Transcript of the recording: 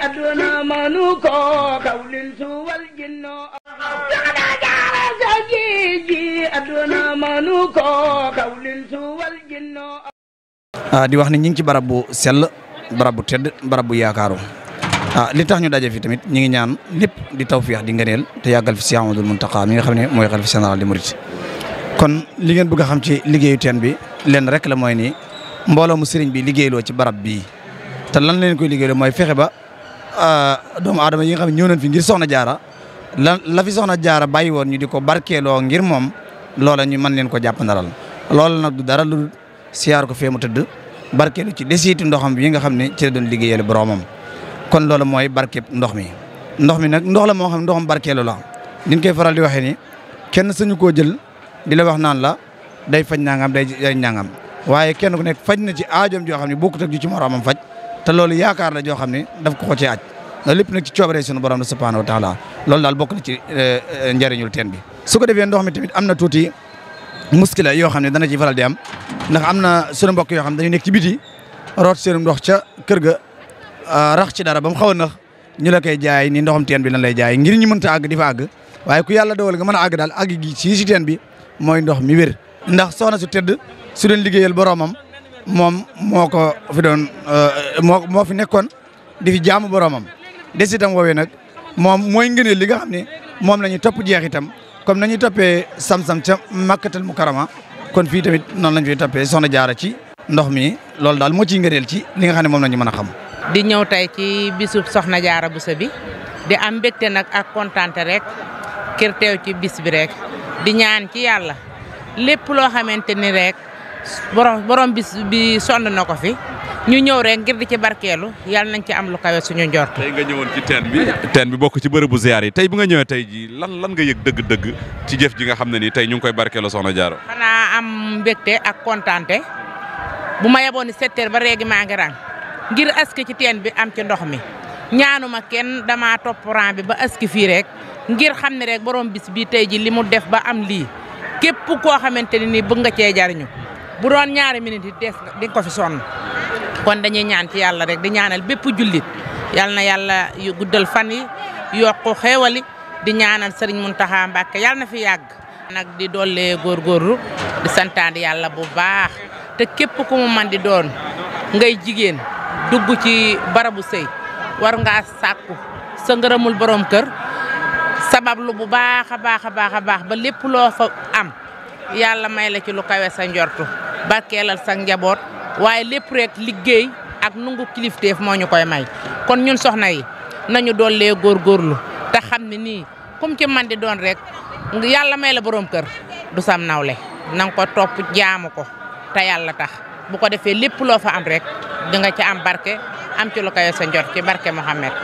أتنا ah, di wax ni ñu ngi ci barab bu sell barab bu tedd barab bu yaakaaru ah li tax ñu daje fi tamit ñu ngi ñaan lépp di taw tawfiix di ngëneel te yàggal fi Sëriñ Ahmadul Muntaqa mi nga xam ne mooy xalifa général di murit kon li ngeen bëgg a xam ci liggéeyu teen bi lenn rek la mooy nii mbooloo mu sëriñ bi liggéeyloo ci barab bii te lan leen koy liggéeyloo mooy fexe ba Euh, doomu aadama yi nga xam ne ñëw nañ fi ngir soxna jaara la la fi soxna jaara bàyyi woon ñu di ko barkeeloo ngir moom loola ñu man leen ko jàpp ndaral loolu nag du dara lu siyaar ko fee mu tëdd barkeelu ci desit ndoxam bi nga xam ne ci la doon liggéeyal boromam kon loolu mooy barkeeb ndox mi ndox mi nag ndox la moo xam ndox ndoxam barkeelu la niñ koy faral di waxee ni kenn sañu koo jël di la wax naan la day faj nangam day day nangam waaye kenn ku nekk faj na ci aajoom joo xam ne bokkut ak ju ci moroomam lépp nag ci coobare sunu borom subhanahu wa taala loolu daal bokk na ci eh, eh, njëriñul teen bi. su ko defee ndox mi tamit am na tuuti muskila yoo xam ne dana ci faral de am ndax am na sunu mbokk yoo xam ne dañu nekk ci biti root seen ndox ca kër ga ah, rax ci dara ba mu xaw a nax ñu la koy jaay ni ndoxam teen bi lan lay jaay ngir ñu mënta àgg di fa àgg waaye ku yàlla dogal nga mën a àgg daal àgg gi ci si teen bi mooy ndox mi wér. ndax soxna su tedd su doon liggéeyal boromam moom moo ko fi doon eh, moo moo fi nekkoon di fi jaamu boromam des itam woowee nag moom mooy ngëneel li nga xam ne moom la ñuy topp jeex itam comme nañuy toppee samsam sam ca màkkatal mu karama kon fii tamit noonu lañ fiy toppee soxna jaara ci ndox mi loolu daal moo ci ngëneel ci li nga xam ne moom nañu ñu mën a xam di ñëw tey ci bisub soxna jaara Buso bi di am mbégte nag ak kontante rek kër ci bis bi rek di ñaan ci yàlla lépp loo xamante ni rek borom borom bis bi sonn na ko fi ñu ñëw rek ngir di ci barkeelu yàlla nañ ci am lu kawe suñu njort. tey nga ñëwoon ci teen bi teen bi bokk ci bërëbu ziyaar yi tey bi nga ñëwee tey ji lan lan nga yëg dëgg-dëgg ci jëf ji nga xam ne nii tey ñu ngi koy barkeelu soxna Jaara. xanaa am mbégte ak kontaante bu ma yeboon ni sept ba réegi maa ngi ngir aski ci teen bi am ci ndox mi ñaanuma kenn damaa topp rang bi ba aski fii rek ngir xam ne rek borom bis bi tey ji li mu def ba am lii képp koo xamante ne nii bëgg nga cee jariñu bu doon ñaari minutes yi des di ko fi sonn kon dañuy ñaan ci yàlla rek di ñaanal bépp jullit yal na yàlla yu guddal fan yi yokku xéewali di ñaanal sëriñ Muntaxa Mbàkke yal na fi yàgg. nag di doole góorgóorlu di santaan yàlla bu baax te képp ku mu man di doon ngay jigéen dugg ci barabu sëy war ngaa sàkku sa ngërëmul borom kër sabablu bu baax a baax a baax a baax ba lépp loo fa am yàlla may la ci lu kawe sa njortu barkeelal sa njaboot. waaye lépp rek liggéey ak nungu kilifteef moo ñu koy may kon ñun soxna yi nañu dollee góorgóorlu te xam ne ni kum ci man di doon rek yàlla may la borom kër du sam nawle na nga ko topp jaamu ko te yàlla tax bu ko defee lépp loo fa am rek di nga ci am barke am ci lu kayo sa njot ci barke Muhammad